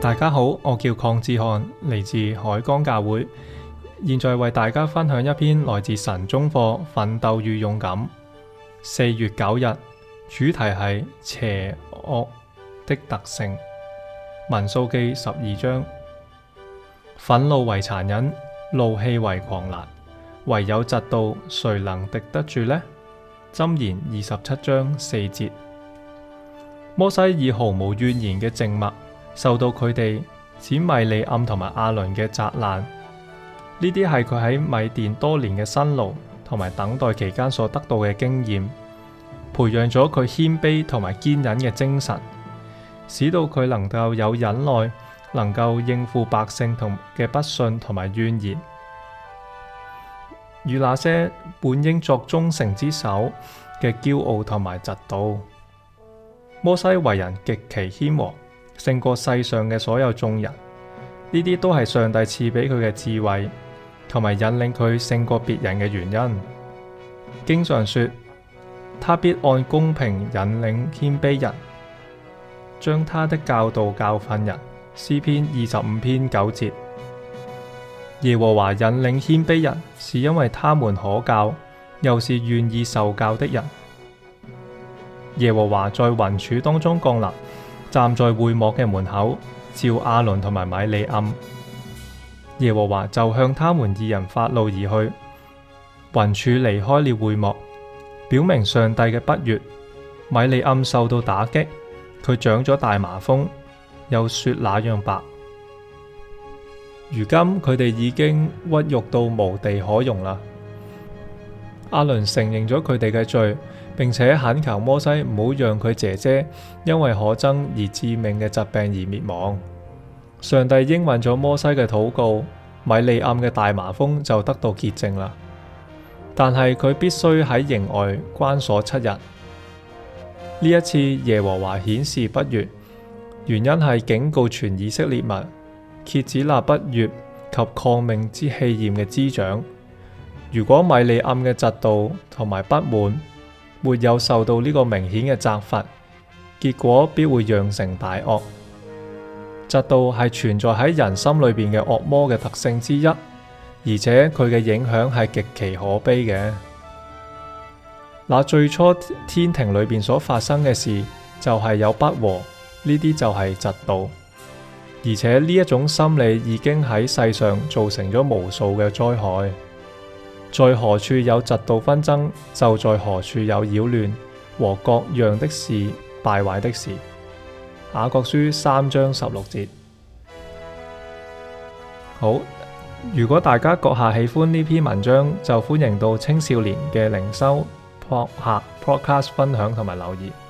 大家好，我叫鄺志漢，嚟自海江教會，現在為大家分享一篇來自神中課《奮鬥與勇敢》四月九日，主題係邪惡的特性。民數記十二章，憤怒為殘忍，怒氣為狂瀾，唯有窒道，誰能敵得住呢？箴言二十七章四節。摩西以毫無怨言嘅靜默，受到佢哋、指米利暗同埋亞倫嘅責難。呢啲係佢喺米甸多年嘅辛勞同埋等待期間所得到嘅經驗，培養咗佢謙卑同埋堅忍嘅精神，使到佢能夠有忍耐，能夠應付百姓同嘅不信同埋怨言，與那些本應作忠誠之首嘅驕傲同埋嫉妒。摩西為人極其謙和，勝過世上嘅所有眾人。呢啲都係上帝賜俾佢嘅智慧，同埋引領佢勝過別人嘅原因。經常說，他必按公平引領謙卑人，將他的教導教訓人。詩篇二十五篇九節：耶和華引領謙卑人，是因為他們可教，又是願意受教的人。耶和華在雲柱當中降臨，站在會幕嘅門口，召阿倫同埋米利暗。耶和華就向他們二人發怒而去。雲柱離開了會幕，表明上帝嘅不悅。米利暗受到打擊，佢長咗大麻風，有雪那樣白。如今佢哋已經屈辱到無地可容啦。阿倫承認咗佢哋嘅罪，並且懇求摩西唔好讓佢姐姐因為可憎而致命嘅疾病而滅亡。上帝應允咗摩西嘅禱告，米利暗嘅大麻風就得到潔淨啦。但係佢必須喺營外關鎖七日。呢一次耶和華顯示不悅，原因係警告全以色列民，遏止立不悅及抗命之氣焰嘅滋長。如果米利暗嘅嫉妒同埋不滿沒有受到呢個明顯嘅責罰，結果必會釀成大惡。嫉妒係存在喺人心裏邊嘅惡魔嘅特性之一，而且佢嘅影響係極其可悲嘅。嗱，最初天庭裏邊所發生嘅事就係有不和，呢啲就係嫉妒，而且呢一種心理已經喺世上造成咗無數嘅災害。在何處有嫉妒紛爭，就在何處有擾亂和各樣的事、敗壞的事。雅各書三章十六節。好，如果大家閣下喜歡呢篇文章，就歡迎到青少年嘅靈修播客 Podcast 分享同埋留言。